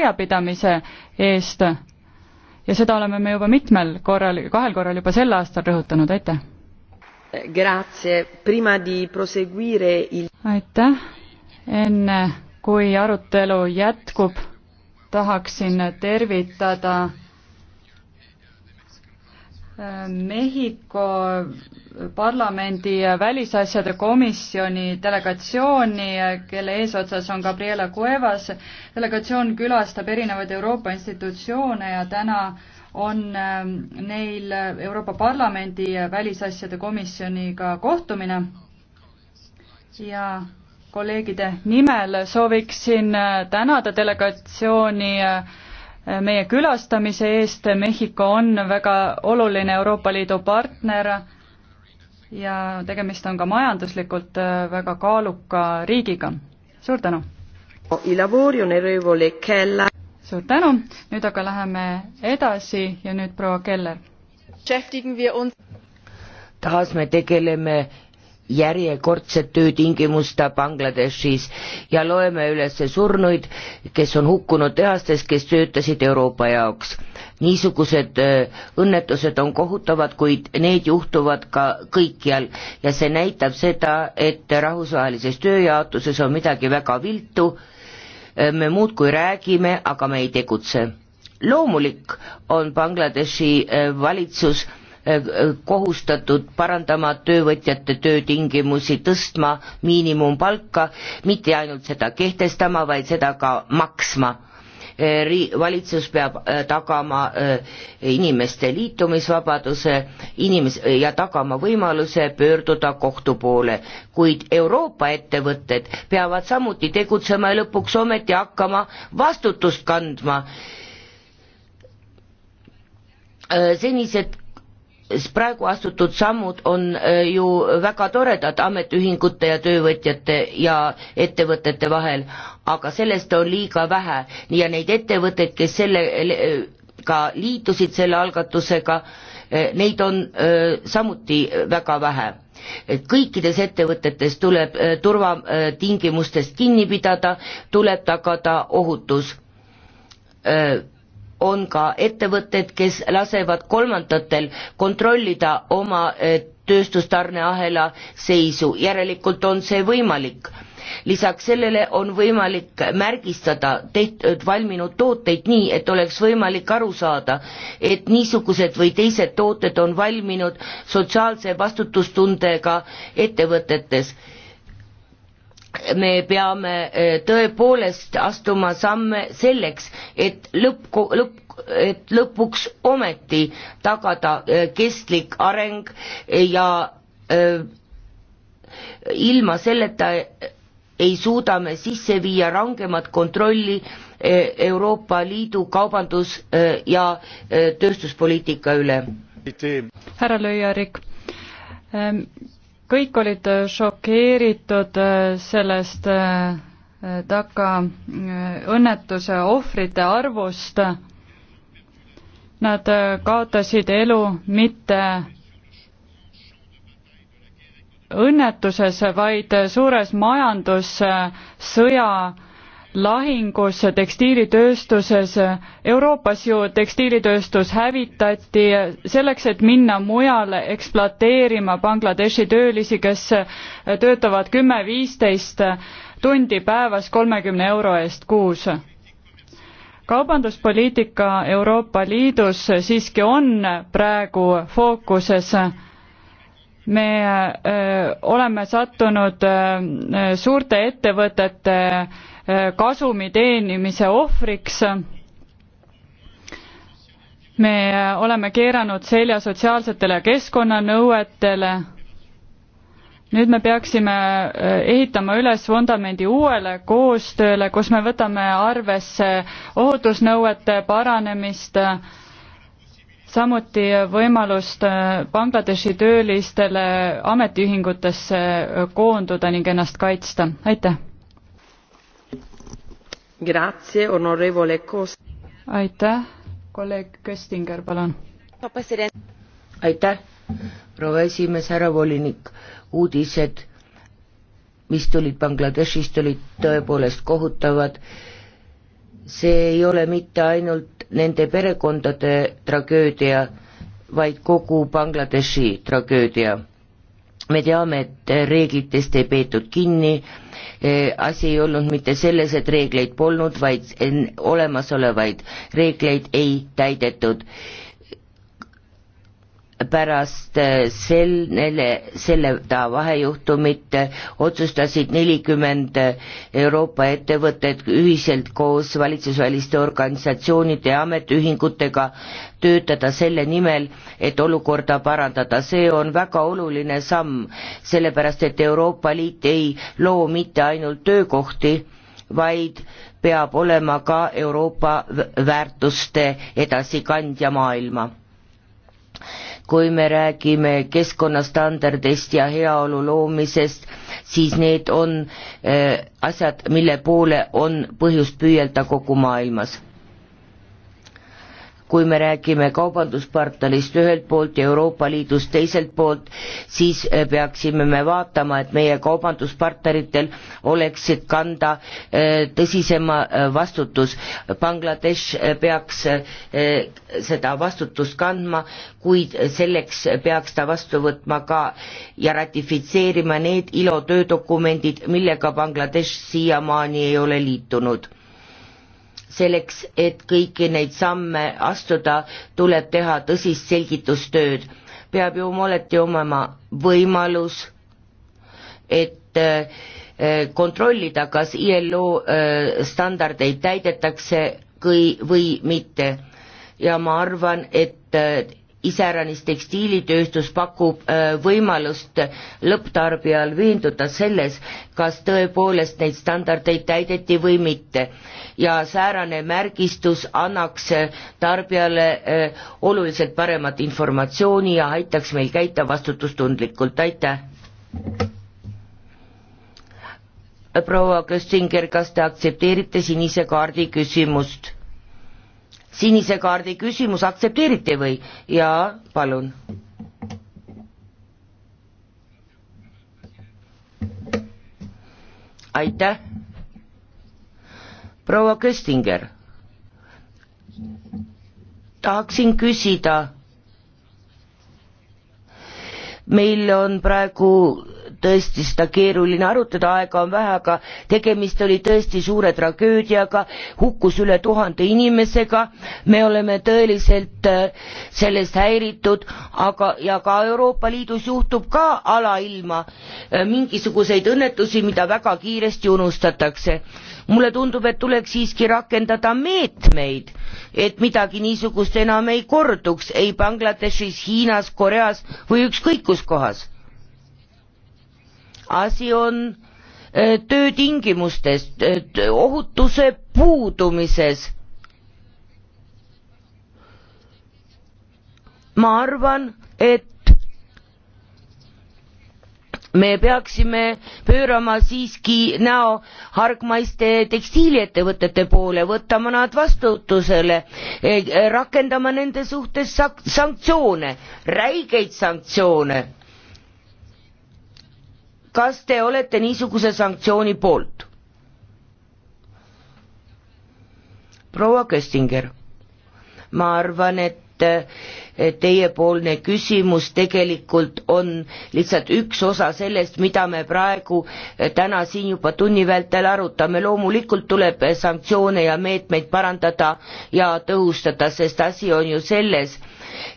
veapidamise eest. ja seda oleme me juba mitmel korral, kahel korral juba sel aastal rõhutanud, aitäh. aitäh, enne kui arutelu jätkub, tahaksin tervitada Mehhiko parlamendi välisasjade komisjoni delegatsiooni, kelle eesotsas on Gabriela Cuevas. delegatsioon külastab erinevaid Euroopa institutsioone ja täna on ähm, neil Euroopa Parlamendi välisasjade komisjoniga kohtumine ja kolleegide nimel sooviksin äh, tänada delegatsiooni äh, meie külastamise eest, Mehhiko on väga oluline Euroopa Liidu partner ja tegemist on ka majanduslikult äh, väga kaaluka riigiga. suur tänu! suur tänu, nüüd aga läheme edasi ja nüüd proua Keller. taas me tegeleme järjekordset töötingimusta Bangladeshis ja loeme üles surnuid, kes on hukkunud tehastes, kes töötasid Euroopa jaoks. niisugused äh, õnnetused on kohutavad, kuid need juhtuvad ka kõikjal ja see näitab seda, et rahvusvahelises tööjaotuses on midagi väga viltu, äh, me muudkui räägime, aga me ei tegutse loomulik on Bangladeshi äh, valitsus Äh, kohustatud parandama töövõtjate töötingimusi, tõstma miinimumpalka, mitte ainult seda kehtestama, vaid seda ka maksma. Äh, ri-, valitsus peab äh, tagama inimeste liitumisvabaduse, inimes- ja tagama võimaluse pöörduda kohtu poole, kuid Euroopa ettevõtted peavad samuti tegutsema ja lõpuks ometi hakkama vastutust kandma senised praegu astutud sammud on äh, ju väga toredad ametiühingute ja töövõtjate ja ettevõtete vahel, aga sellest on liiga vähe ja neid ettevõtteid, kes sellega liitusid, selle algatusega, äh, neid on äh, samuti väga vähe. et kõikides ettevõtetes tuleb turvatingimustest kinni pidada, tuleb tagada ohutus on ka ettevõtted, kes lasevad kolmandatel kontrollida oma eh, tööstustarneahela seisu, järelikult on see võimalik. lisaks sellele on võimalik märgistada tehtud, valminud tooteid nii, et oleks võimalik aru saada, et niisugused või teised tooted on valminud sotsiaalse vastutustundega ettevõtetes me peame eh, tõepoolest astuma samme selleks, et lõpp, lõpp, et lõpuks ometi tagada eh, kestlik areng ja eh, ilma selleta ei suuda me sisse viia rangemat kontrolli Euroopa Liidu kaubandus- ja tööstuspoliitika üle. härra Lüüarik ähm,, kõik olid äh, šokeeritud äh, sellest äh, Daka õnnetuse ohvrite arvust. Nad kaotasid elu mitte õnnetuses, vaid suures majandussõja lahingus tekstiilitööstuses. Euroopas ju tekstiilitööstus hävitati selleks, et minna mujale ekspluateerima Bangladeshi töölisi, kes töötavad kümme, viisteist tundi päevas kolmekümne euro eest kuus. kaubanduspoliitika Euroopa Liidus siiski on praegu fookuses me öö, oleme sattunud öö, suurte ettevõtete öö, Äh, kasumi teenimise ohvriks. me äh, oleme keeranud selja sotsiaalsetele keskkonnanõuetele. nüüd me peaksime äh, ehitama üles vundamendi uuele koostööle, kus me võtame arvesse ohutusnõuete paranemist samuti võimalust Bangladeshi töölistele ametiühingutesse koonduda ning ennast kaitsta. aitäh! aitäh, kolleeg Köstinger, palun. aitäh, proua esimees, härra volinik, uudised, mis tulid Bangladeshist, olid tõepoolest kohutavad. see ei ole mitte ainult nende perekondade tragöödia, vaid kogu Bangladeshi tragöödia me teame, et reeglitest ei peetud kinni, e, asi ei olnud mitte selles, et reegleid polnud, vaid olemasolevaid reegleid ei täidetud pärast äh, selle, selle vahejuhtumit äh, otsustasid nelikümmend äh, Euroopa ettevõtet ühiselt koos valitsusväliste organisatsioonide ja ametiühingutega töötada selle nimel, et olukorda parandada, see on väga oluline samm, sellepärast et Euroopa Liit ei loo mitte ainult töökohti, vaid peab olema ka Euroopa väärtuste edasikandja maailma kui me räägime keskkonnastandardist ja heaolu loomisest, siis need on äh, asjad, mille poole on põhjust püüelda kogu maailmas kui me räägime kaubanduspartnerist ühelt poolt ja Euroopa Liidust teiselt poolt, siis äh, peaksime me vaatama, et meie kaubanduspartneritel oleksid kanda äh, tõsisema äh, vastutus. Bangladesh peaks seda vastutust kandma, kuid selleks peaks ta vastu võtma ka ja ratifitseerima need ILO töödokumendid, millega Bangladesh siiamaani ei ole liitunud selleks, et kõiki neid samme astuda, tuleb teha tõsist selgitustööd. peab ju ometi omama võimalus, et äh, kontrollida, kas ILO äh, standardeid täidetakse kui, või mitte. ja ma arvan, et äh, iseäranis tekstiilitööstus pakub äh, võimalust lõpptarbijal veenduda selles, kas tõepoolest neid standardeid täideti või mitte. ja säärane märgistus annaks äh, tarbijale äh, oluliselt paremat informatsiooni ja aitaks meil käita vastutustundlikult, aitäh! proua Köstinger, kas te aktsepteerite sinise kaardi küsimust? sinise kaardi küsimus aktsepteerite või? jaa, palun. aitäh. proua Köstinger, tahaksin küsida, meil on praegu tõesti seda keeruline arutada, aega on vähe, aga tegemist oli tõesti suure tragöödiaga, hukkus üle tuhande inimesega, me oleme tõeliselt äh, sellest häiritud, aga, ja ka Euroopa Liidus juhtub ka alailma äh, mingisuguseid õnnetusi, mida väga kiiresti unustatakse mulle tundub, et tuleks siiski rakendada meetmeid, et midagi niisugust enam ei korduks ei Bangladeshis, Hiinas, Koreas või ükskõik kus kohas asi on e, töötingimustes, e, ohutuse puudumises. ma arvan, et me peaksime pöörama siiski näo hargmaiste tekstiiliettevõtete poole, võtama nad vastutusele, e, rakendama nende suhtes sanktsioone, räigeid sanktsioone kas te olete niisuguse sanktsiooni poolt? proua Köstinger, ma arvan, et et teiepoolne küsimus tegelikult on lihtsalt üks osa sellest, mida me praegu eh, täna siin juba tunni vältel arutame. loomulikult tuleb sanktsioone ja meetmeid parandada ja tõhustada, sest asi on ju selles,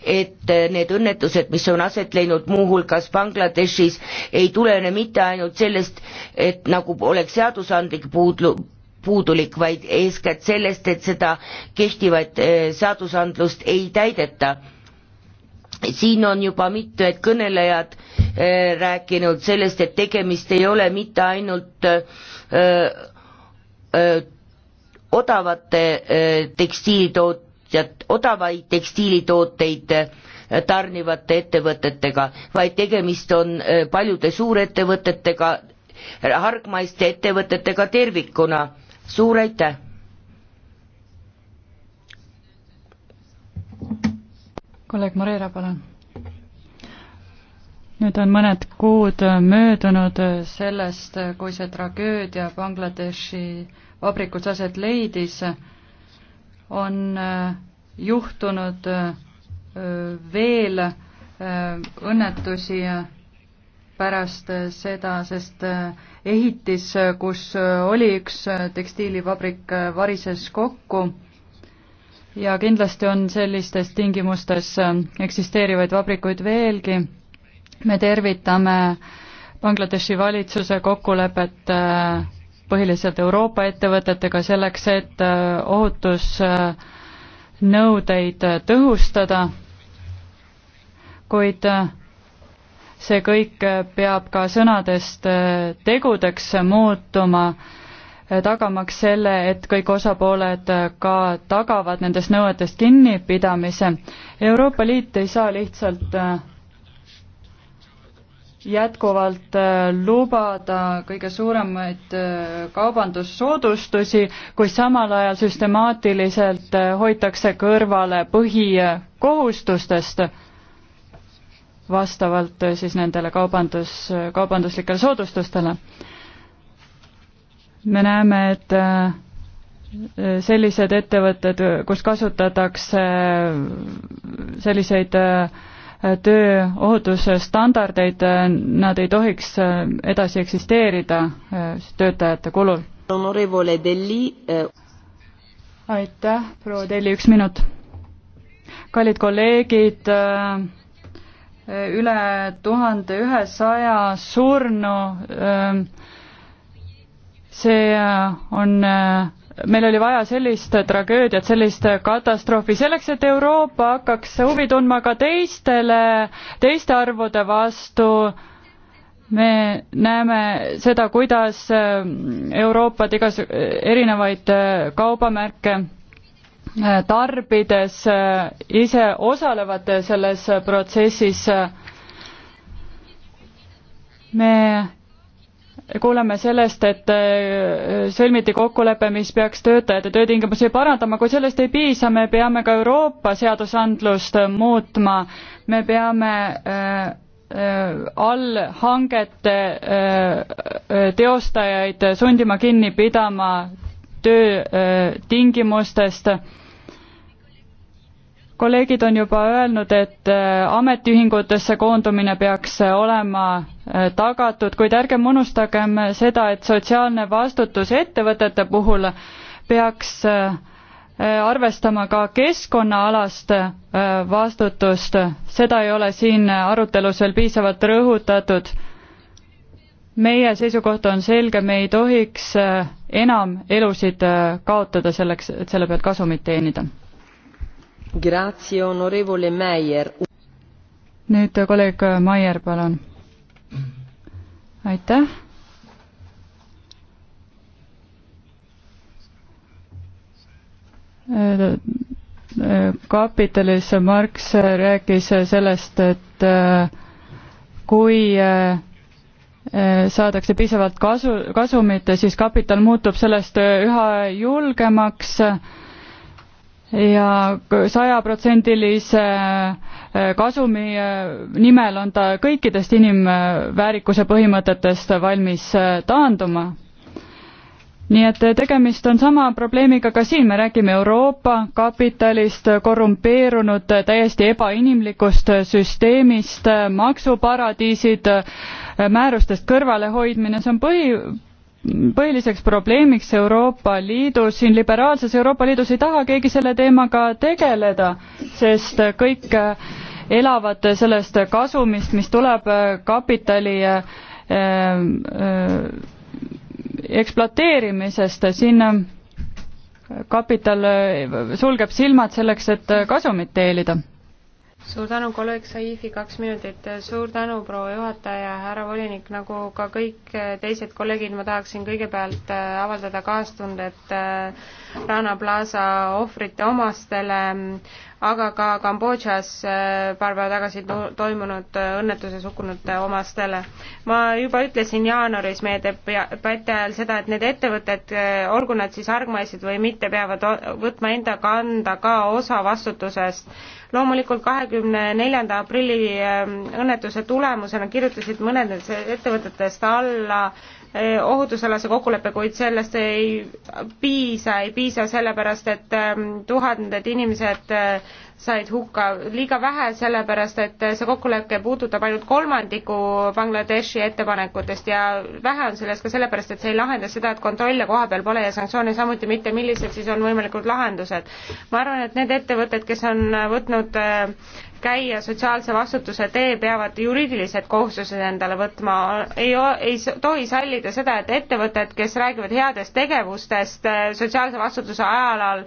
et eh, need õnnetused, mis on aset leidnud muuhulgas Bangladeshis, ei tulene mitte ainult sellest, et nagu oleks seadusandlik puudlu-, puudulik, vaid eeskätt sellest, et seda kehtivat eh, seadusandlust ei täideta. siin on juba mitmed kõnelejad eh, rääkinud sellest, et tegemist ei ole mitte ainult öö, eh, öö, odavate tekstiilitootjad, odavaid tekstiilitooteid tarnivate ettevõtetega, vaid tegemist on paljude suurettevõtetega, hargmaiste ettevõtetega tervikuna suur aitäh! kolleeg Moreira, palun. nüüd on mõned kuud möödunud sellest, kui see tragöödia Bangladeshi vabrikus aset leidis, on äh, juhtunud äh, veel äh, õnnetusi pärast seda, sest äh, ehitis, äh, kus äh, oli üks tekstiilivabrik, varises kokku ja kindlasti on sellistes tingimustes eksisteerivaid vabrikuid veelgi. me tervitame Bangladeshi valitsuse kokkulepet põhiliselt Euroopa ettevõtetega selleks, et ohutusnõudeid tõhustada, kuid see kõik peab ka sõnadest äh, tegudeks muutuma, äh, tagamaks selle, et kõik osapooled äh, ka tagavad nendest nõuetest kinnipidamise. Euroopa Liit ei saa lihtsalt jätkuvalt lubada kõige suuremaid kaubandussoodustusi, kui samal ajal süstemaatiliselt hoitakse kõrvale põhikohustustest vastavalt äh, siis nendele kaubandus, kaubanduslikele soodustustele. me näeme, et äh, sellised ettevõtted, kus kasutatakse äh, selliseid tööohutusstandardeid, nad ei tohiks edasi eksisteerida töötajate kulul. aitäh, proua Telli, üks minut. kallid kolleegid äh,, üle tuhande ühesaja surnu. Ähm, see äh, on, äh, meil oli vaja sellist tragöödiat, sellist katastroofi, selleks et Euroopa hakkaks huvi tundma ka teistele, teiste arvude vastu me näeme seda, kuidas äh, Euroopat igas-, erinevaid kaubamärke tarbides äh, ise osalevad selles protsessis. me kuuleme sellest, et äh, sõlmiti kokkulepe, mis peaks töötajate töötingimusi parandama, kui sellest ei piisa, me peame ka Euroopa seadusandlust muutma, me peame äh, allhangete teostajaid sundima kinni pidama töötingimustest. kolleegid on juba öelnud, et äh, ametiühingutesse koondumine peaks äh, olema äh, tagatud, kuid ärgem unustagem seda, et sotsiaalne vastutus ettevõtete puhul peaks arvestama ka keskkonnaalast vastutust, seda ei ole siin arutelus veel piisavalt rõhutatud meie seisukoht on selge, me ei tohiks äh, enam elusid äh, kaotada selleks, et selle pealt kasumit teenida. nüüd äh, kolleeg Maier, palun. aitäh. kapitalis Marx rääkis sellest, et kui saadakse piisavalt kasu, kasumit, siis kapital muutub sellest üha julgemaks ja sajaprotsendilise eh, kasumi eh, nimel on ta kõikidest inimväärikuse põhimõtetest valmis eh, taanduma. nii et tegemist on sama probleemiga ka siin, me räägime Euroopa kapitalist, korrumpeerunud, täiesti ebainimlikust süsteemist, maksuparadiisid, Äh, määrustest kõrvalehoidmine, see on põhi, põhiliseks probleemiks Euroopa Liidus, siin liberaalses Euroopa Liidus ei taha keegi selle teemaga tegeleda, sest kõik äh, elavad sellest kasumist, mis tuleb äh, kapitali ekspluateerimisest, siin kapital sulgeb silmad selleks, et kasumit teenida suur tänu, kolleeg Saifi, kaks minutit. suur tänu, proua juhataja, härra volinik, nagu ka kõik eh, teised kolleegid, ma tahaksin kõigepealt eh, avaldada kaastundet eh, Rana Plaza ohvrite omastele, aga ka Kambodžas paar päeva tagasi toimunud õnnetuses hukkunute omastele. ma juba ütlesin jaanuaris meie debati ajal seda, et need ettevõtted, olgu nad siis argmaised või mitte, peavad võtma enda kanda ka osa vastutusest loomulikult kahekümne neljanda aprilli ähm, õnnetuse tulemusena kirjutasid mõned ettevõtetest alla Eh, ohutusalase kokkuleppe, kuid sellest ei piisa, ei piisa sellepärast, et ähm, tuhanded inimesed äh, said hukka, liiga vähe sellepärast, et äh, see kokkulepe puudutab ainult kolmandiku Bangladeshi ettepanekutest ja vähe on sellest ka sellepärast, et see ei lahenda seda, et kontrolle koha peal pole ja sanktsioone samuti mitte, millised siis on võimalikud lahendused. ma arvan, et need ettevõtted, kes on võtnud äh, käia sotsiaalse vastutuse tee, peavad juriidilised kohustused endale võtma. ei, ei tohi sallida seda, et ettevõtted, kes räägivad headest tegevustest äh, sotsiaalse vastutuse ajalal,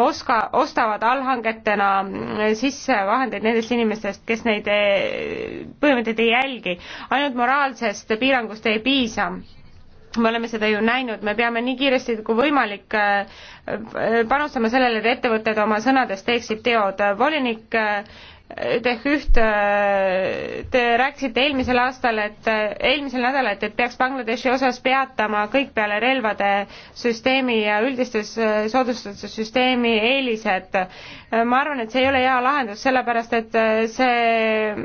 oska, ostavad allhangetena äh, sisse vahendeid nendest inimestest, kes neid äh, põhimõtteid ei jälgi. ainult moraalsest piirangust ei piisa me oleme seda ju näinud, me peame nii kiiresti kui võimalik panustama sellele, et ettevõtted oma sõnades teeksid teod. volinik ehk ühte, äh, te rääkisite eelmisel aastal, et äh, eelmisel nädalal, et, et peaks Bangladeshi osas peatama kõik peale relvade süsteemi ja üldistes äh, soodustuste süsteemi eelised. ma arvan, et see ei ole hea lahendus, sellepärast et see,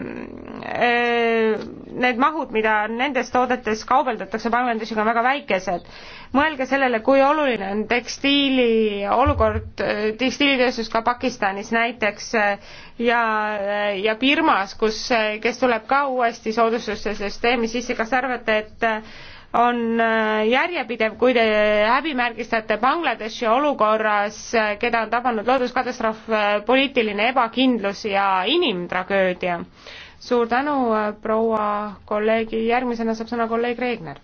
need mahud, mida nendes toodetes kaubeldatakse Bangladeshiga, on väga väikesed mõelge sellele, kui oluline on tekstiili olukord, äh, tekstiilitööstus ka Pakistanis näiteks äh, ja, äh, ja Birmas, kus, kes tuleb ka uuesti soodustuste süsteemi sisse, kas te arvate, et on järjepidev, kui te häbimärgistate Bangladeshi olukorras, keda on tabanud looduskatastroof, poliitiline ebakindlus ja inimtragöödia. suur tänu, proua kolleegi, järgmisena saab sõna kolleeg Reegner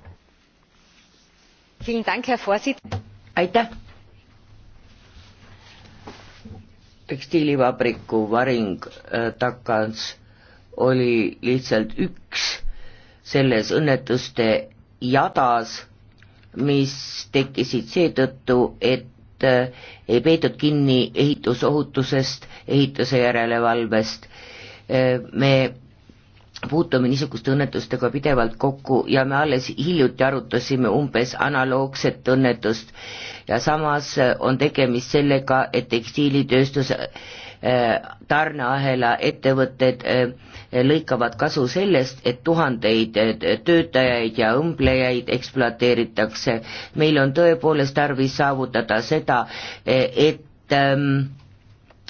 aitäh! tekstiilivabriku varing äh, Takans oli lihtsalt üks selles õnnetuste jadas, mis tekkisid seetõttu, et äh, ei peetud kinni ehitusohutusest, ehituse järelevalvest. Äh, me puutume niisuguste õnnetustega pidevalt kokku ja me alles hiljuti arutasime umbes analoogset õnnetust ja samas äh, on tegemist sellega, et tekstiilitööstuse äh, tarneahela ettevõtted äh, lõikavad kasu sellest, et tuhandeid töötajaid ja õmblejaid ekspluateeritakse. meil on tõepoolest tarvis saavutada seda, et ähm,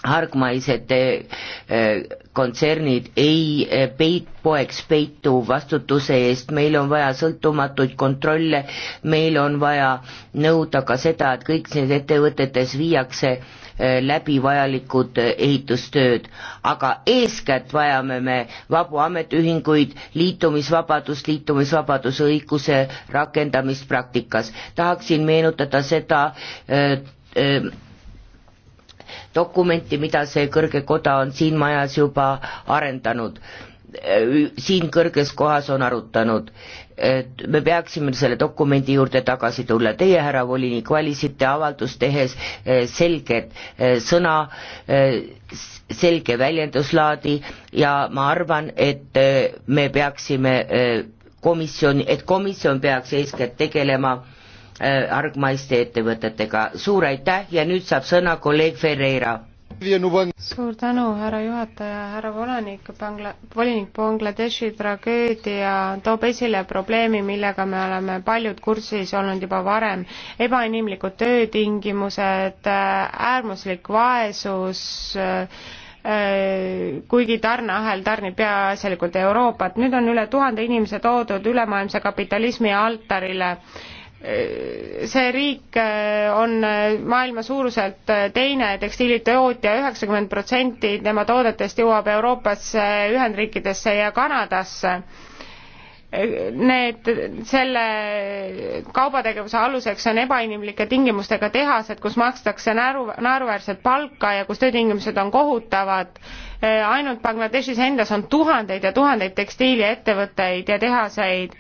hargmaised eh, eh, kontsernid ei eh, peit, poeks peitu vastutuse eest, meil on vaja sõltumatuid kontrolle, meil on vaja nõuda ka seda, et kõik need ettevõtetes viiakse läbi vajalikud ehitustööd, aga eeskätt vajame me vabu ametiühinguid, liitumisvabadust, liitumisvabaduse õiguse rakendamist praktikas. tahaksin meenutada seda öö, öö, dokumenti, mida see kõrge koda on siin majas juba arendanud, siin kõrges kohas on arutanud. me peaksime selle dokumendi juurde tagasi tulla, teie, härra volinik, valisite avaldust tehes eh, selget eh, sõna, eh, selge väljenduslaadi ja ma arvan, et me peaksime komisjoni, et komisjon peaks eeskätt tegelema Äh, argmaiste ettevõtetega. suur aitäh ja nüüd saab sõna kolleeg Ferreira. suur tänu, härra juhataja, härra volanik, Bangla-, volinik Bangladeshi tragöödia toob esile probleemi, millega me oleme paljud kursis olnud juba varem. ebainimlikud töötingimused, äh, äärmuslik vaesus äh,, kuigi tarneahel tarnib peaasjalikult Euroopat. nüüd on üle tuhande inimese toodud ülemaailmse kapitalismi altarile see riik äh, on äh, maailma suuruselt äh, teine tekstiilitootja, üheksakümmend protsenti tema toodetest jõuab Euroopasse, Ühendriikidesse ja Kanadasse. Need, selle kaubategevuse aluseks on ebainimlike tingimustega tehased, kus makstakse naeru, naeruväärset palka ja kus töötingimused on kohutavad. ainult Bangladeshis endas on tuhandeid ja tuhandeid tekstiiliettevõtteid ja tehaseid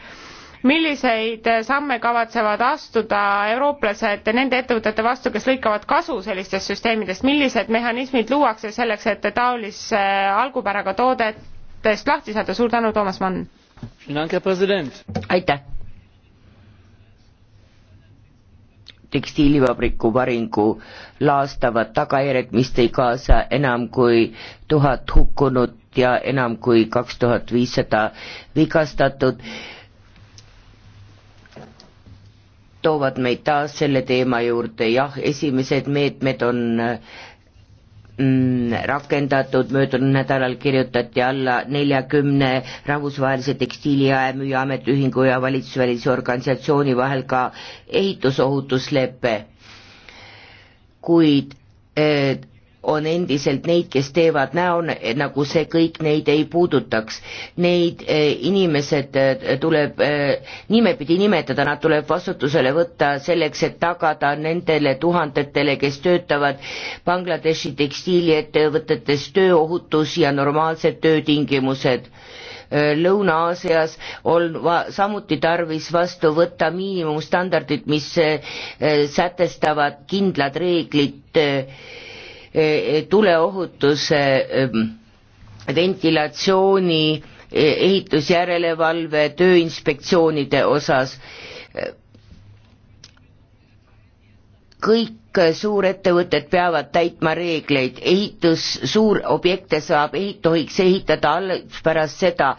milliseid samme kavatsevad astuda eurooplased nende ettevõtete vastu, kes lõikavad kasu sellistest süsteemidest, millised mehhanismid luuakse selleks, et taolise algupäraga toodetest lahti saada, suur tänu, Toomas Mann! aitäh! tekstiilivabriku varingu laastavad tagajärjed, mis tõi kaasa enam kui tuhat hukkunut ja enam kui kaks tuhat viissada vigastatud toovad meid taas selle teema juurde, jah, esimesed meetmed on mm, rakendatud, möödunud nädalal kirjutati alla neljakümne rahvusvahelise tekstiili- ja müüaametiühingu ja valitsusvälise organisatsiooni vahel ka ehitusohutuslepe, kuid eh, on endiselt neid, kes teevad näo, nagu see kõik neid ei puudutaks. Neid eh, inimesed eh, tuleb eh, nimepidi nimetada, nad tuleb vastutusele võtta selleks, et tagada nendele tuhandetele, kes töötavad Bangladeshi tekstiiliettevõtetes tööohutus ja normaalsed töötingimused Lõuna-Aasias on va-, samuti tarvis vastu võtta miinimumstandardid, mis sätestavad kindlad reeglid Eh, tuleohutuse, eh, ventilatsiooni, eh, ehitusjärelevalve, tööinspektsioonide osas. kõik suurettevõtted peavad täitma reegleid, ehitus, suurobjekte saab, tohiks ehitada alles pärast seda,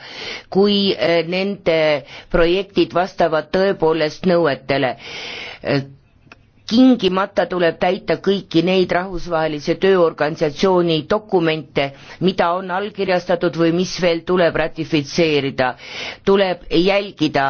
kui nende projektid vastavad tõepoolest nõuetele tingimata tuleb täita kõiki neid rahvusvahelise tööorganisatsiooni dokumente, mida on allkirjastatud või mis veel tuleb ratifitseerida. tuleb jälgida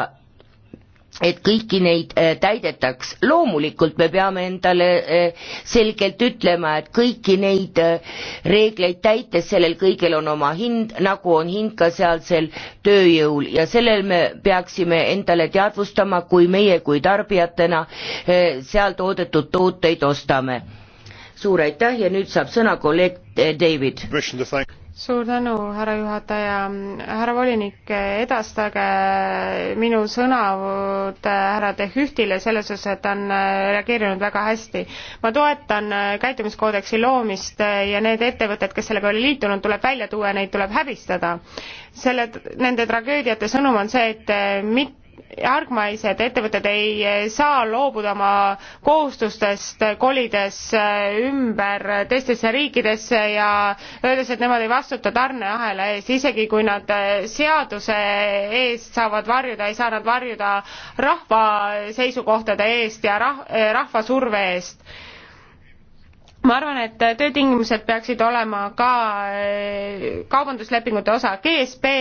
et kõiki neid äh, täidetaks. loomulikult me peame endale äh, selgelt ütlema, et kõiki neid äh, reegleid täites, sellel kõigel on oma hind, nagu on hind ka sealsel tööjõul ja sellel me peaksime endale teadvustama, kui meie kui tarbijatena seal toodetud tooteid ostame suur aitäh ja nüüd saab sõna kolleeg eh, David. suur tänu, härra juhataja, härra volinik, edastage minu sõnavõtt härra De Hühtile selles osas, et ta on eh, reageerinud väga hästi. ma toetan eh, käitumiskoodeksi loomist ja need ettevõtted, kes sellega oli liitunud, tuleb välja tuua ja neid tuleb häbistada. selle, nende tragöödiate sõnum on see, et mitte järgmaised ettevõtted ei eh, saa loobuda oma kohustustest, kolides eh, ümber teistesse riikidesse ja öeldes, et nemad ei vastuta tarneahela eest, isegi kui nad eh, seaduse eest saavad varjuda, ei saa nad varjuda rahva seisukohtade eest ja rah-, rahva surve eest ma arvan, et töötingimused peaksid olema ka eh, kaubanduslepingute osa. GSP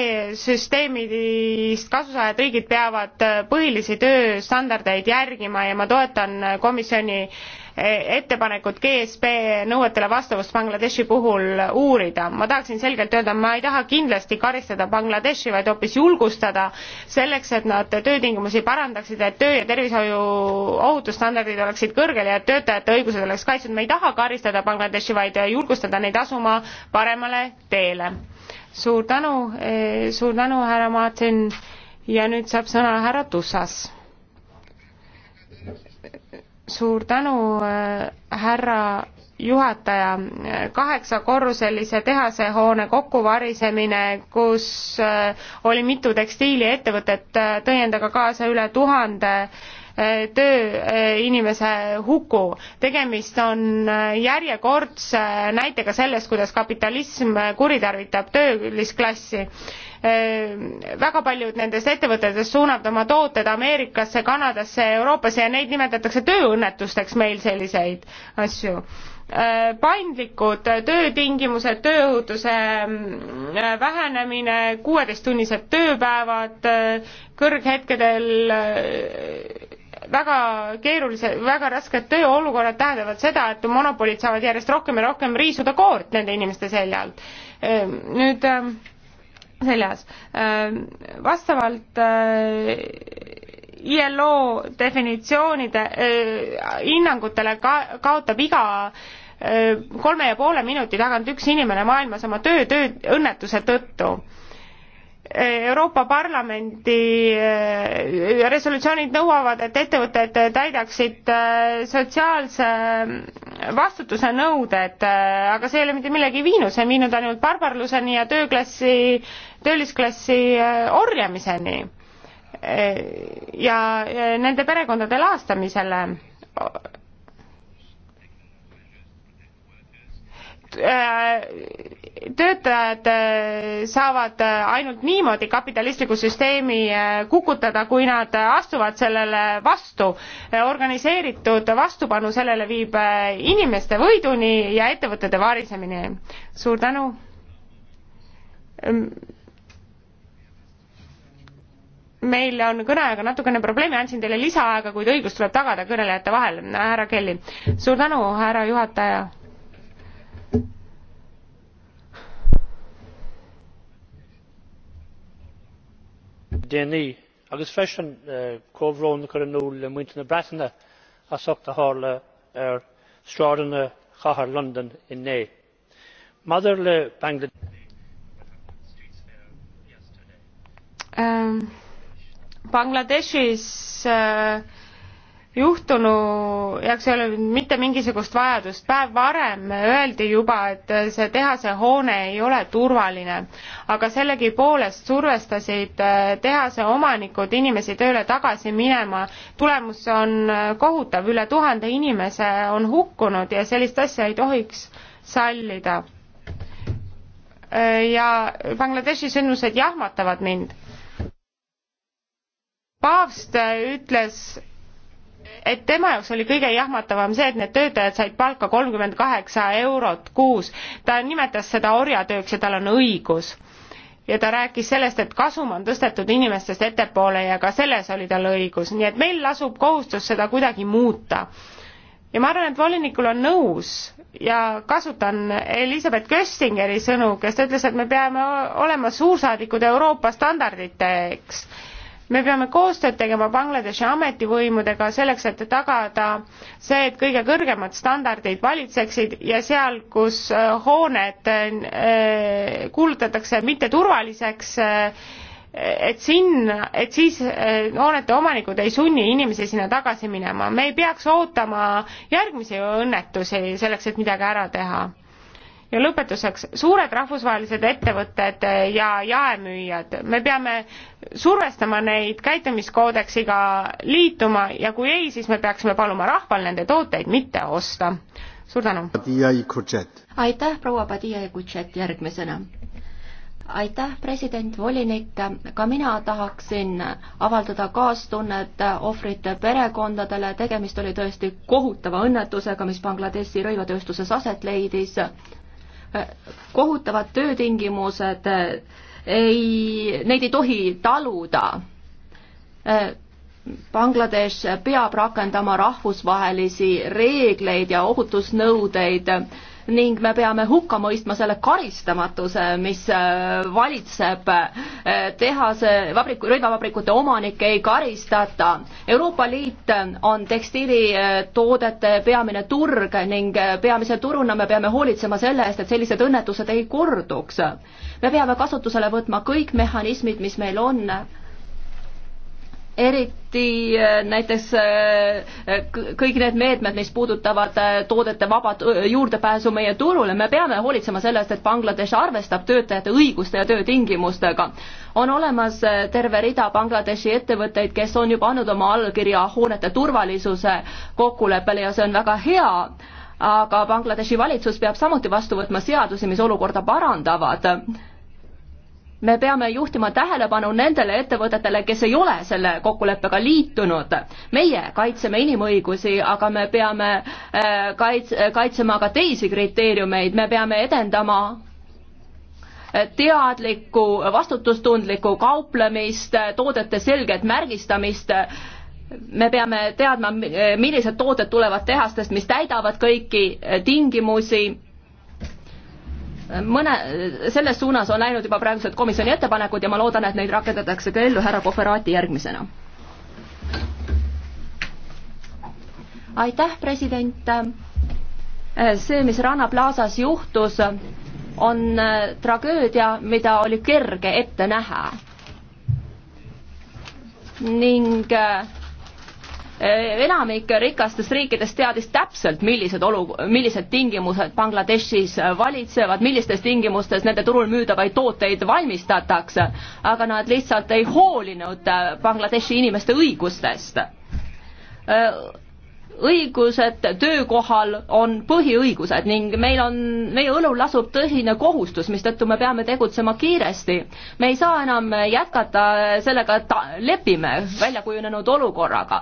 süsteemidest kasusaajad riigid peavad eh, põhilisi tööstandardeid järgima ja ma toetan eh, komisjoni äh, ettepanekut GSP nõuetele vastavust Bangladeshi puhul uurida. ma tahaksin selgelt öelda, ma ei taha kindlasti karistada Bangladeshi, vaid hoopis julgustada selleks, et nad töötingimusi parandaksid, et töö ja tervishoiu ohutusstandardid oleksid kõrgel ja et töötajate õigused oleks kaitstud. me ei taha karistada Bangladeshi, vaid julgustada neid asuma paremale teele. suur tänu, eh, suur tänu, härra Martin ja nüüd saab sõna härra Tussas suur tänu, äh, härra juhataja, kaheksakorruselise tehasehoone kokkuvarisemine, kus äh, oli mitu tekstiiliettevõtet, äh, tõi endaga kaasa üle tuhande tööinimese huku. tegemist on järjekordse näitega sellest, kuidas kapitalism kuritarvitab töölisklassi Ehm, väga paljud nendest ettevõtetest suunavad oma tooted Ameerikasse, Kanadasse, Euroopasse ja neid nimetatakse tööõnnetusteks meil selliseid asju. Ehm, paindlikud töötingimused, tööohutuse ehm, vähenemine, kuueteisttunnised tööpäevad, kõrghetkedel väga keerulised, väga rasked tööolukorrad tähendavad seda, et monopolid saavad järjest rohkem ja rohkem riisuda koort nende inimeste selja alt. nüüd seljas. Ehm, vastavalt ehm, ILO definitsioonide ehm, hinnangutele ka-, kaotab iga kolme ja poole minuti tagant üks inimene maailmas oma töö tööõnnetuse tõttu Euroopa Parlamendi eh, resolutsioonid nõuavad, et ettevõtted täidaksid eh, sotsiaalse vastutuse nõuded, eh, aga see ei ole mitte millegi viinud, see on viinud ainult barbarluseni ja tööklassi, töölisklassi orjamiseni. ja nende perekondade laastamisele töötajad äh, saavad äh, ainult niimoodi kapitalistliku süsteemi äh, kukutada, kui nad astuvad sellele vastu. organiseeritud vastupanu sellele viib inimeste võiduni ja ettevõtete vaarisemini. suur tänu. Ehm, meil on kõneaega natukene probleemi, andsin teile lisaaega, kuid õiglus tuleb tagada kõnelejate vahel. härra Kelly, suur tänu, härra juhataja déanaí agus freisin eh, comhrónna gur an bhfuil muintir na breataine as ucht a tharla ar stradanna chathair londain inné. maidir le bangladesh um, bangladeshis uh, eh, juhtunu jaoks ei ole mitte mingisugust vajadust. päev varem öeldi juba, et see tehase hoone ei ole turvaline, aga sellegipoolest survestasid äh, tehase omanikud inimesi tööle tagasi minema. tulemus on äh, kohutav, üle tuhande inimese on hukkunud ja sellist asja ei tohiks sallida. Äh, ja Bangladeshi sündmused jahmatavad mind. paavst ütles et tema jaoks oli kõige jahmatavam see, et need töötajad said palka kolmkümmend kaheksa eurot kuus. ta nimetas seda orjatööks ja tal on õigus. ja ta rääkis sellest, et kasum on tõstetud inimestest ettepoole ja ka selles oli tal õigus, nii et meil lasub kohustus seda kuidagi muuta. ja ma arvan, et volinikul on nõus ja kasutan Elizabeth Köstingeri sõnu, kes ütles, et me peame olema suursaadikud Euroopa standarditeks me peame koostööd tegema Bangladeshi ametivõimudega selleks, et tagada see, et kõige kõrgemad standardid valitseksid ja seal, kus äh, hooned äh, kuulutatakse mitteturvaliseks, äh, et sinna, et siis hoonete omanikud ei sunni inimesi sinna tagasi minema. me ei peaks ootama järgmisi õnnetusi selleks, et midagi ära teha ja lõpetuseks, suured rahvusvahelised ettevõtted eh, ja jaemüüjad, me peame survestama neid käitumiskoodeksiga liituma ja kui ei, siis me peaksime paluma rahval nende tooteid mitte osta. suur tänu. aitäh, proua Padija ja Kutšet järgmisena aitäh, president, volinik, ka mina tahaksin avaldada kaastunnet ohvrite perekondadele, tegemist oli tõesti kohutava õnnetusega, mis Bangladeshi rõivatööstuses aset leidis kohutavad töötingimused äh, ei, neid ei tohi taluda. Äh, Bangladesh peab rakendama rahvusvahelisi reegleid ja ohutusnõudeid ning me peame hukka mõistma selle karistamatuse, mis äh, valitseb äh, tehase, vabriku, rõivavabrikute omanikke ei karistata. Euroopa Liit äh, on tekstiilitoodete peamine turg ning peamise turuna me peame hoolitsema selle eest, et sellised õnnetused ei korduks. me peame kasutusele võtma kõik mehhanismid, mis meil on eriti äh, näiteks äh, kõik need meetmed, mis puudutavad äh, toodete vaba juurdepääsu meie turule, me peame hoolitsema selle eest, et Bangladesh arvestab töötajate õiguste ja töötingimustega. on olemas terve rida Bangladeshi ettevõtteid, kes on juba andnud oma allkirja hoonete turvalisuse kokkuleppele ja see on väga hea, aga Bangladeshi valitsus peab samuti vastu võtma seadusi, mis olukorda parandavad me peame juhtima tähelepanu nendele ettevõtetele, kes ei ole selle kokkuleppega liitunud. meie kaitseme inimõigusi, aga me peame äh, kaits-, kaitsema ka teisi kriteeriumeid, me peame edendama äh, teadlikku, vastutustundlikku kauplemist, äh, toodete selget märgistamist, me peame teadma, millised tooted tulevad tehastest, mis täidavad kõiki tingimusi mõne, selles suunas on läinud juba praegused komisjoni ettepanekud ja ma loodan, et neid rakendatakse ka ellu härra Koferaati järgmisena. aitäh, president. see, mis Rana Plazas juhtus, on tragöödia, mida oli kerge ette näha. ning Äh, enamik rikastest riikidest teadis täpselt, millised olu, millised tingimused Bangladeshis äh, valitsevad, millistes tingimustes nende turul müüdavaid tooteid valmistatakse, aga nad lihtsalt ei hoolinud äh, Bangladeshi inimeste õigustest. õigused töökohal on põhiõigused ning meil on, meie õlul lasub tõsine kohustus, mistõttu me peame tegutsema kiiresti. me ei saa enam jätkata sellega, et lepime väljakujunenud olukorraga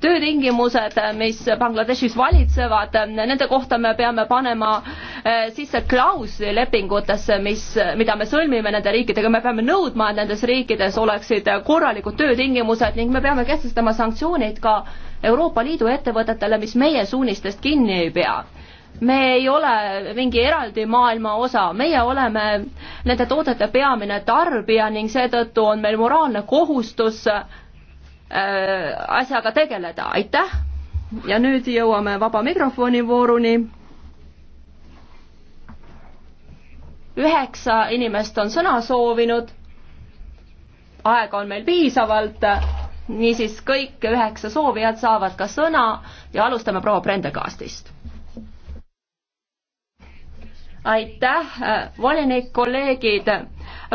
töötingimused, mis Bangladeshis valitsevad, nende kohta me peame panema eh, sisse klausli lepingutesse, mis, mida me sõlmime nende riikidega, me peame nõudma, et nendes riikides oleksid korralikud töötingimused ning me peame kehtestama sanktsioonid ka Euroopa Liidu ettevõtetele, mis meie suunistest kinni ei pea me ei ole mingi eraldi maailma osa, meie oleme nende toodete peamine tarbija ning seetõttu on meil moraalne kohustus äh, Äh, asjaga tegeleda, aitäh! ja nüüd jõuame vaba mikrofoni vooruni. üheksa inimest on sõna soovinud. aega on meil piisavalt, niisiis kõik üheksa soovijat saavad ka sõna ja alustame proua Prendergastist. aitäh, äh, volinik, kolleegid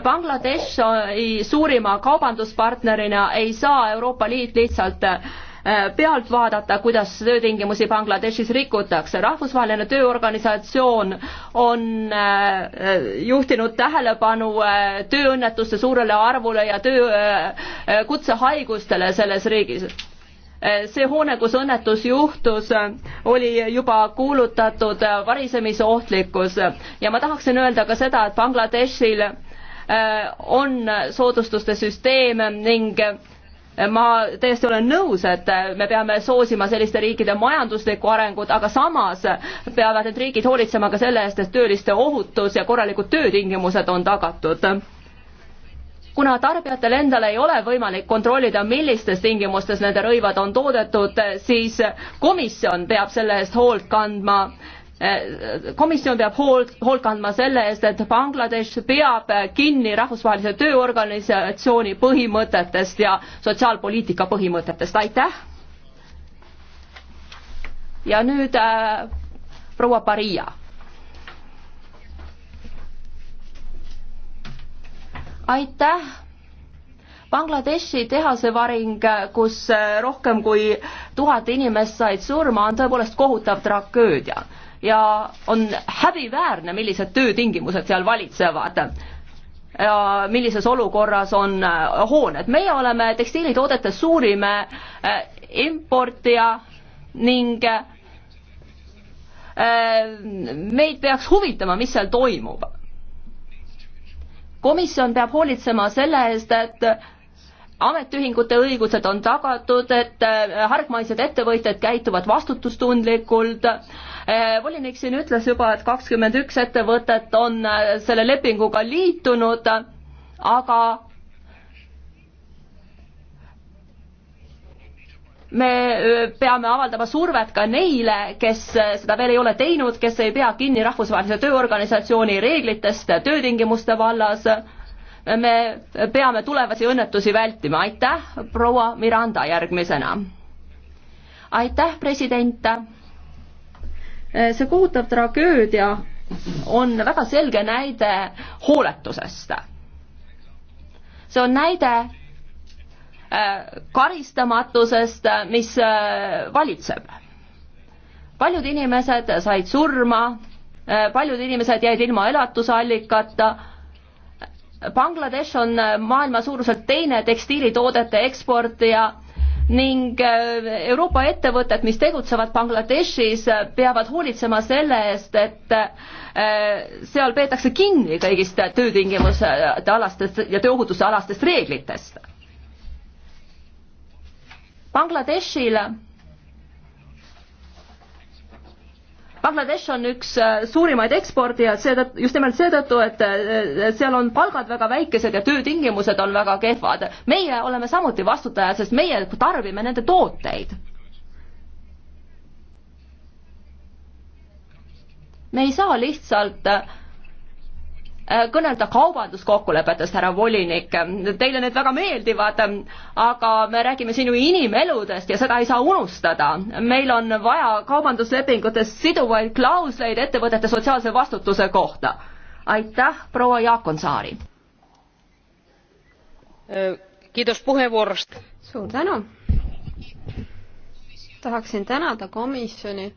Bangladeshi suurima kaubanduspartnerina ei saa Euroopa Liit lihtsalt äh, pealt vaadata, kuidas töötingimusi Bangladeshis rikutakse. rahvusvaheline Tööorganisatsioon on äh, juhtinud tähelepanu äh, tööõnnetuste suurele arvule ja töö kutsehaigustele selles riigis see hoone, kus õnnetus juhtus, oli juba kuulutatud varisemisohtlikkus ja ma tahaksin öelda ka seda, et Bangladeshil Äh, on soodustuste süsteem ning äh, ma täiesti olen nõus, et äh, me peame soosima selliste riikide majanduslikku arengut, aga samas peavad need riigid hoolitsema ka selle eest, et tööliste ohutus ja korralikud töötingimused on tagatud kuna tarbijatel endal ei ole võimalik kontrollida, millistes tingimustes nende rõivad on toodetud, siis komisjon peab selle eest hoolt kandma Äh, komisjon peab hoolt, hoolt kandma selle eest, et Bangladesh peab kinni Rahvusvahelise Tööorganisatsiooni põhimõtetest ja sotsiaalpoliitika põhimõtetest, aitäh! ja nüüd äh, proua Paria. aitäh! Bangladeshi tehasevaring, kus rohkem kui tuhat inimest said surma, on tõepoolest kohutav tragöödia ja on häbiväärne, millised töötingimused seal valitsevad ja millises olukorras on äh, hooned. meie oleme tekstiilitoodete suurim äh, importija ning äh, meid peaks huvitama, mis seal toimub. komisjon peab hoolitsema selle eest, et ametiühingute õigused on tagatud, et äh, hargmaised ettevõtjad käituvad vastutustundlikult. Äh, volinik siin ütles juba, et kakskümmend üks ettevõtet on äh, selle lepinguga liitunud, aga me peame avaldama survet ka neile, kes seda veel ei ole teinud, kes ei pea kinni Rahvusvahelise Tööorganisatsiooni reeglitest töötingimuste vallas me peame tulevasi õnnetusi vältima. aitäh, proua Miranda järgmisena. aitäh, president. see kohutav tragöödia on väga selge näide hooletusest. see on näide äh, karistamatusest, mis äh, valitseb. paljud inimesed said surma, äh, paljud inimesed jäid ilma elatusallikata Bangladesh on äh, maailma suuruselt teine tekstiilitoodete eksportija ning äh, Euroopa ettevõtted, mis tegutsevad Bangladeshis, äh, peavad hoolitsema selle eest, et seal peetakse kinni kõigist töötingimuste alastest ja tööohutuse alastest reeglitest. Bangladeshil Bangladesh on üks äh, suurimaid ekspordijaid seetõttu, just nimelt seetõttu, et äh, äh, seal on palgad väga väikesed ja töötingimused on väga kehvad. meie oleme samuti vastutajad, sest meie tarbime nende tooteid. me ei saa lihtsalt äh, Äh, kõnelda kaubanduskokkulepetest, härra volinik. Teile need väga meeldivad, aga me räägime siin ju inimeludest ja seda ei saa unustada. meil on vaja kaubanduslepingutes siduvaid klausleid ettevõtete sotsiaalse vastutuse kohta. aitäh, proua Jaakonsaari! Äh, suur tänu! tahaksin tänada komisjoni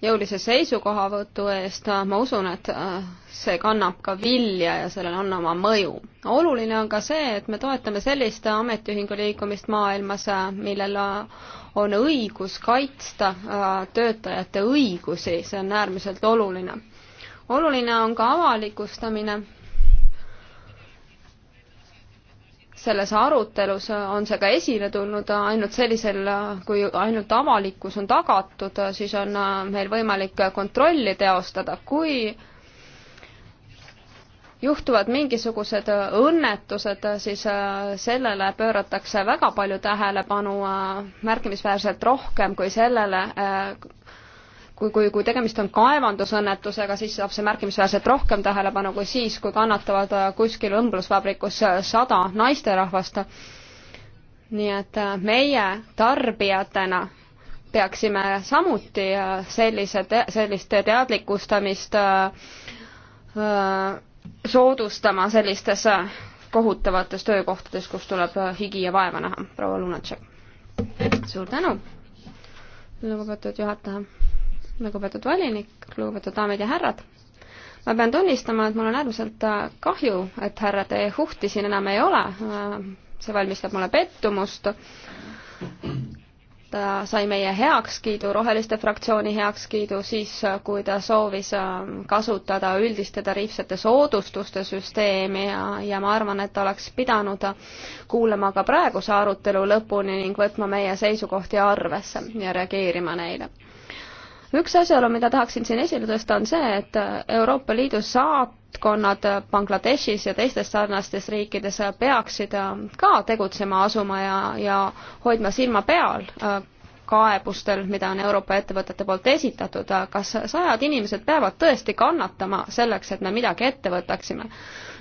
jõulise seisukohavõtu eest, ma usun, et äh, see kannab ka vilja ja sellel on oma mõju. oluline on ka see, et me toetame sellist ametiühingu liikumist maailmas, äh, millel äh, on õigus kaitsta töötajate õigusi, see on äärmiselt oluline. oluline on ka avalikustamine selles arutelus on see ka esile tulnud, ainult sellisel, kui ainult avalikkus on tagatud, siis on meil võimalik kontrolli teostada, kui juhtuvad mingisugused õnnetused, siis sellele pööratakse väga palju tähelepanu, märkimisväärselt rohkem kui sellele, kui, kui, kui tegemist on kaevandusõnnetusega, siis saab see märkimisväärselt rohkem tähelepanu kui siis, kui kannatavad äh, kuskil õmblusvabrikus äh, sada naisterahvast. nii et äh, meie tarbijatena peaksime samuti sellise, sellist teadlikustamist soodustama sellistes kohutavates töökohtades, kus tuleb higi ja vaeva näha, proua Lunatšek. suur tänu, lugupeetud juhataja lugupeetud volinik, lugupeetud daamid ja härrad. ma pean tunnistama, et mul on äärmiselt äh, kahju, et härra De Huhti siin enam ei ole. Äh, see valmistab mulle pettumust. ta sai meie heakskiidu, Roheliste fraktsiooni heakskiidu siis, äh, kui ta soovis kasutada üldiste tariifsete soodustuste süsteemi ja, ja ma arvan, et oleks pidanud kuulama ka praeguse arutelu lõpuni ning võtma meie seisukohti arvesse ja reageerima neile üks asjaolu, mida tahaksin siin esile tõsta, on see, et Euroopa Liidu saatkonnad Bangladeshis ja teistes sarnastes riikides peaksid äh, ka tegutsema asuma ja, ja hoidma silma peal äh, kaebustel, mida on Euroopa ettevõtete poolt esitatud, kas sajad inimesed peavad tõesti kannatama selleks, et me midagi ette võtaksime?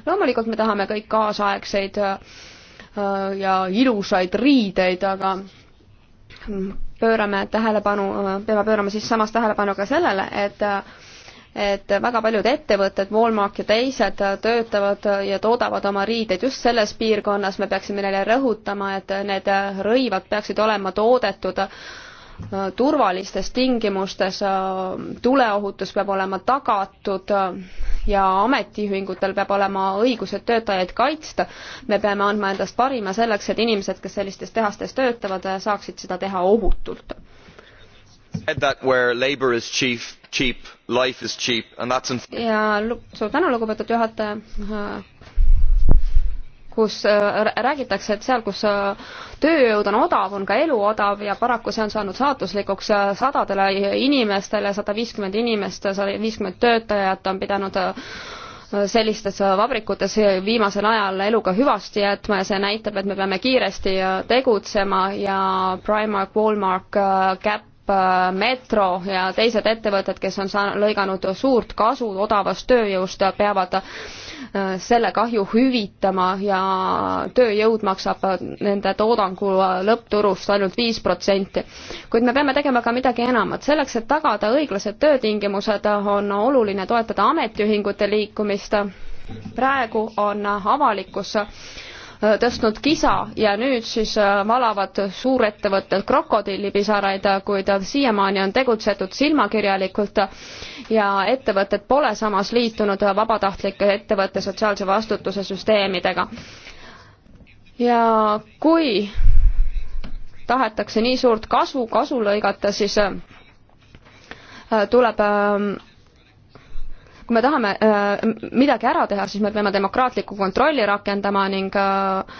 loomulikult me tahame kõik kaasaegseid äh, ja ilusaid riideid, aga pöörame tähelepanu, peame pöörama siis samas tähelepanu ka sellele, et et väga paljud ettevõtted, Walmart ja teised, töötavad ja toodavad oma riideid just selles piirkonnas, me peaksime neile rõhutama, et need rõivad peaksid olema toodetud äh, turvalistes tingimustes, äh, tuleohutus peab olema tagatud äh, ja ametiühingutel peab olema õigused töötajaid kaitsta. me peame andma endast parima selleks, et inimesed, kes sellistes tehastes töötavad, äh, saaksid seda teha ohutult. ja suur tänu, lugupeetud juhataja kus äh, räägitakse, et seal, kus äh, tööjõud on odav, on ka elu odav ja paraku see on saanud saatuslikuks äh, sadadele inimestele, sada viiskümmend inimest, sada viiskümmend töötajat on pidanud sellistes vabrikutes viimasel ajal eluga hüvasti jätma ja see näitab, et me peame kiiresti tegutsema ja Primark, Walmart, Gap, Metro ja teised ettevõtted, kes on saanud, lõiganud suurt kasu odavast tööjõust, peavad selle kahju hüvitama ja tööjõud maksab nende toodangu lõppturust ainult viis protsenti. kuid me peame tegema ka midagi enamat. selleks, et tagada õiglased töötingimused, on oluline toetada ametiühingute liikumist. praegu on avalikkus Äh, tõstnud kisa ja nüüd siis äh, valavad suurettevõtted krokodillipisaraid, äh, kuid siiamaani on tegutsetud silmakirjalikult ja ettevõtted pole samas liitunud vabatahtlike ettevõtte sotsiaalse vastutuse süsteemidega. ja kui tahetakse nii suurt kasu, kasu lõigata, siis tuleb ähm, kui me tahame äh, midagi ära teha, siis me peame demokraatlikku kontrolli rakendama ning äh,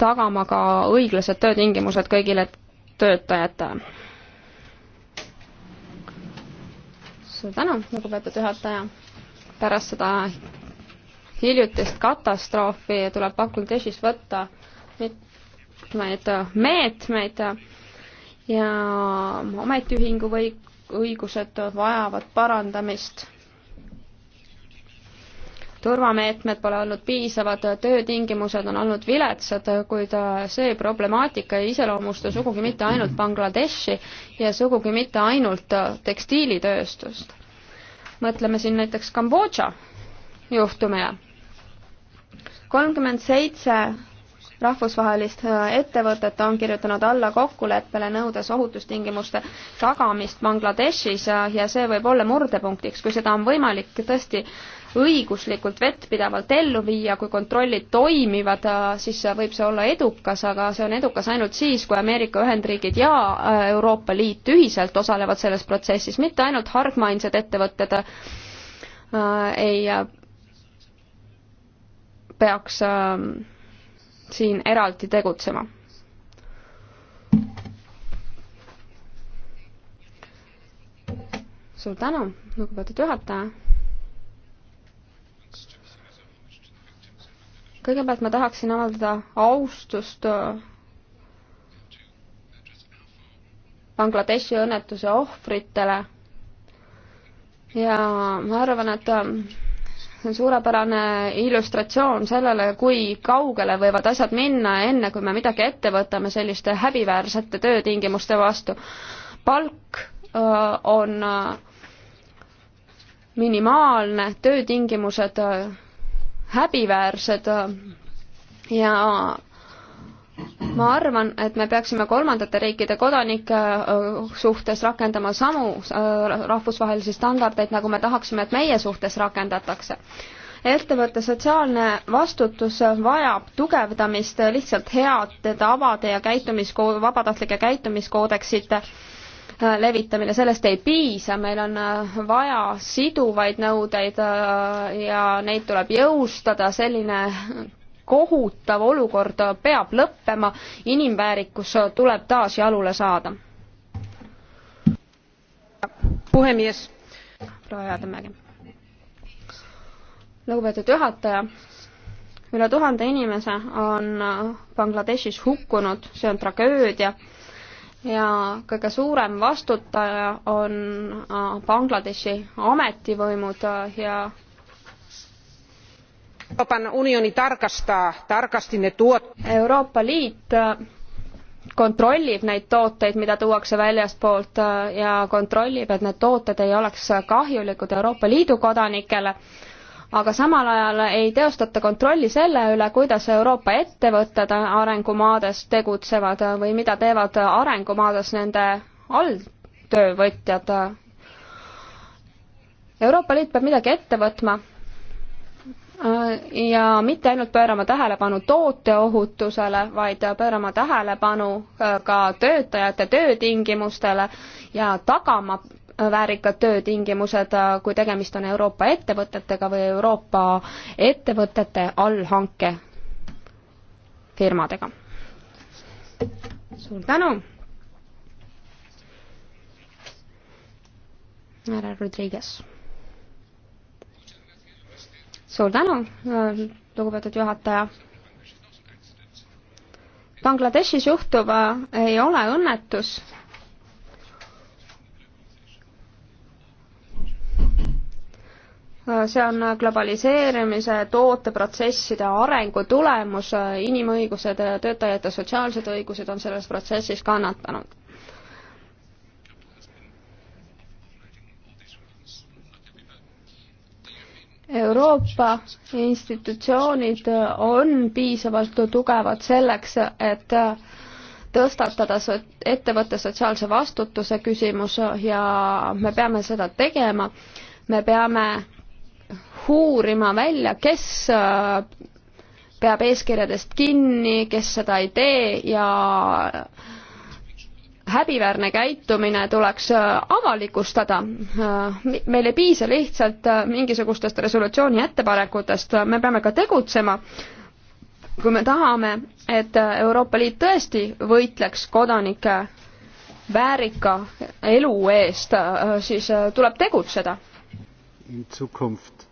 tagama ka õiglased töötingimused kõigile töötajatele. suur tänu, lugupeetud juhataja. pärast seda hiljutist katastroofi tuleb Bangladeshis võtta mitmeid meetmeid ja ametiühingu või õigused vajavad parandamist turvameetmed pole olnud piisavad, töötingimused on olnud viletsad, kuid äh, see problemaatika ei iseloomusta sugugi mitte ainult Bangladeshi ja sugugi mitte ainult äh, tekstiilitööstust. mõtleme siin näiteks Kambodža juhtumile. kolmkümmend seitse rahvusvahelist äh, ettevõtet on kirjutanud alla kokkuleppele, nõudes ohutustingimuste tagamist Bangladeshis ja see võib olla murdepunktiks, kui seda on võimalik tõesti õiguslikult vettpidavalt ellu viia, kui kontrollid toimivad, äh, siis võib see olla edukas, aga see on edukas ainult siis, kui Ameerika Ühendriigid ja äh, Euroopa Liit ühiselt osalevad selles protsessis, mitte ainult hargmainsed ettevõtted äh, ei äh, peaks äh, siin eraldi tegutsema suur tänu, lugupeetud juhataja kõigepealt ma tahaksin avaldada austust äh, Bangladeshi õnnetuse ohvritele ja ma arvan, et äh, see on suurepärane illustratsioon sellele, kui kaugele võivad asjad minna, enne kui me midagi ette võtame selliste häbiväärsete töötingimuste vastu. palk äh, on minimaalne, töötingimused häbiväärsed ja ma arvan, et me peaksime kolmandate riikide kodanike äh, suhtes rakendama samu äh, rahvusvahelisi standardeid, nagu me tahaksime, et meie suhtes rakendatakse. ettevõtte sotsiaalne vastutus vajab tugevdamist lihtsalt head tavade ja käitumisko-, vabatahtlike käitumiskoodeksite levitamine, sellest ei piisa, meil on äh, vaja siduvaid nõudeid äh, ja neid tuleb jõustada, selline kohutav olukord peab lõppema, inimväärikus tuleb taas jalule saada. puhemees. proua Jäädemägi. lugupeetud juhataja üle tuhande inimese on äh, Bangladeshis hukkunud, see on tragöödia ja kõige suurem vastutaja on äh, Bangladeshi ametivõimud äh, ja Euroopan unioni tarkastaa tarkasti ne tuot- Euroopa Liit äh, kontrollib neid tooteid, mida tuuakse väljaspoolt ja kontrollib, et need tooted ei oleks kahjulikud Euroopa Liidu kodanikele aga samal ajal ei teostata kontrolli selle üle, kuidas Euroopa ettevõtted arengumaades tegutsevad või mida teevad arengumaades nende alltöövõtjad. Euroopa Liit peab midagi ette võtma äh, ja mitte ainult pöörama tähelepanu tooteohutusele, vaid pöörama tähelepanu äh, ka töötajate töötingimustele ja tagama väärikad töötingimused, kui tegemist on Euroopa ettevõtetega või Euroopa ettevõtete allhanke firmadega. suur tänu. härra Rodriguez. suur tänu, lugupeetud juhataja Bangladeshis juhtuv ei ole õnnetus, see on globaliseerimise tooteprotsesside arengu tulemus, inimõigused, töötajate sotsiaalsed õigused on selles protsessis kannatanud. Euroopa institutsioonid on piisavalt tugevad selleks, et tõstatada so-, ettevõtte sotsiaalse vastutuse küsimus ja me peame seda tegema, me peame uurima välja, kes äh, peab eeskirjadest kinni, kes seda ei tee ja häbiväärne käitumine tuleks äh, avalikustada. Äh, meil ei piisa lihtsalt mingisugustest resolutsiooni ettepanekutest, me peame ka tegutsema. kui me tahame, et Euroopa Liit tõesti võitleks kodanike väärika elu eest, siis tuleb tegutseda. In Zukunft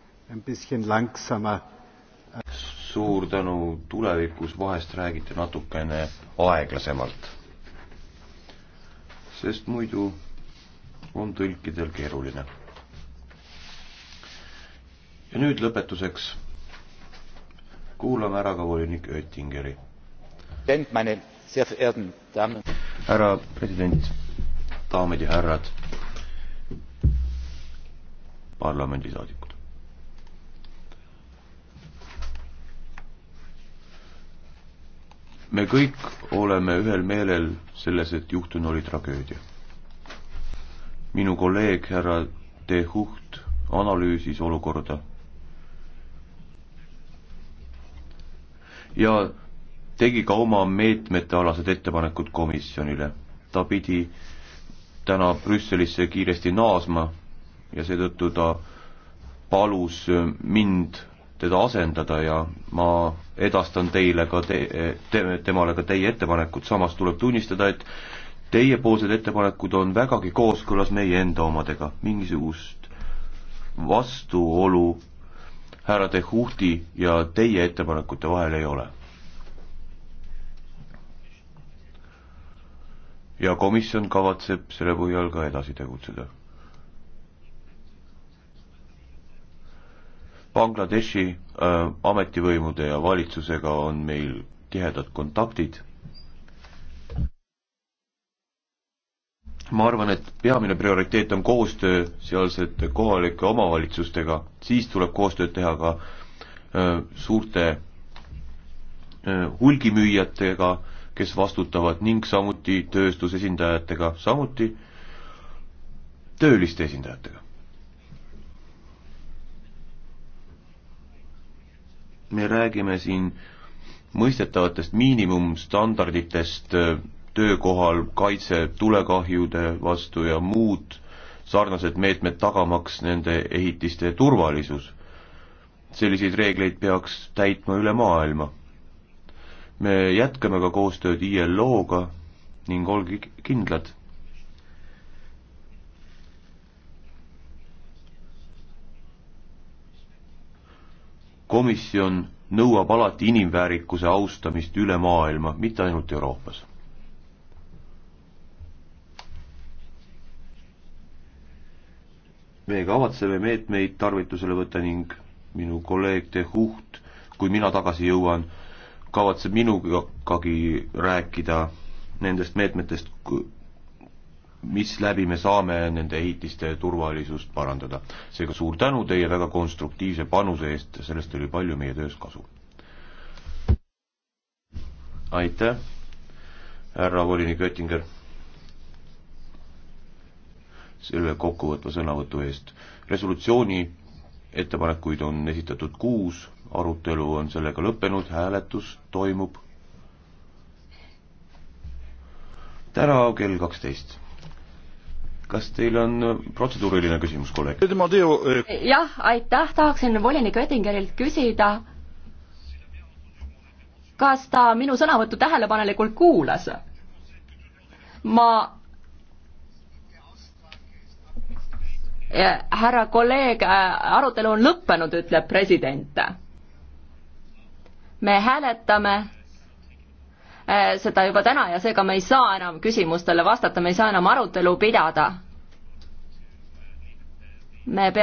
suur tänu, tulevikus vahest räägite natukene aeglasemalt. sest muidu on tõlkidel keeruline. ja nüüd lõpetuseks kuulame ära ka volinik Oettingeri. härra president, daamid ja härrad, parlamendisaadikud. me kõik oleme ühel meelel selles, et juhtunu oli tragöödia. minu kolleeg härra De Hucht analüüsis olukorda. ja tegi ka oma meetmete alased ettepanekud komisjonile. ta pidi täna Brüsselisse kiiresti naasma ja seetõttu ta palus mind teda asendada ja ma edastan teile ka te, te, temale ka teie ettepanekud, samas tuleb tunnistada, et teiepoolsed ettepanekud on vägagi kooskõlas meie enda omadega, mingisugust vastuolu härra De Huhti ja teie ettepanekute vahel ei ole. ja komisjon kavatseb selle põhjal ka edasi tegutseda Bangladeshi äh, ametivõimude ja valitsusega on meil tihedad kontaktid. ma arvan, et peamine prioriteet on koostöö sealsete kohalike omavalitsustega, siis tuleb koostööd teha ka äh, suurte äh, hulgimüüjatega, kes vastutavad ning samuti tööstusesindajatega, samuti tööliste esindajatega me räägime siin mõistetavatest miinimumstandarditest äh, töökohal kaitse tulekahjude vastu ja muud sarnased meetmed tagamaks nende ehitiste turvalisus. selliseid reegleid peaks täitma üle maailma. me jätkame ka koostööd ILO-ga ning olge kindlad, komisjon nõuab alati inimväärikuse austamist üle maailma, mitte ainult Euroopas. me kavatseme meetmeid tarvitusele võtta ning minu kolleeg De Hucht, kui mina tagasi jõuan, kavatseb minugagi rääkida nendest meetmetest, misläbi me saame nende ehitiste turvalisust parandada. seega suur tänu teie väga konstruktiivse panuse eest, sellest oli palju meie töös kasu. aitäh, härra volinik Oettinger, selle kokkuvõtva sõnavõtu eest. resolutsiooni ettepanekuid on esitatud kuus, arutelu on sellega lõppenud, hääletus toimub täna kell kaksteist kas teil on äh, protseduuriline küsimus, kolleeg? Äh, jah, aitäh, tahaksin volinik Oettingerilt küsida, kas ta minu sõnavõttu tähelepanelikult kuulas? ma äh, härra kolleeg, arutelu on lõppenud, ütleb president. me hääletame Eh, seda juba täna ja seega me ei saa enam küsimustele vastata, me ei saa enam arutelu pidada. me peame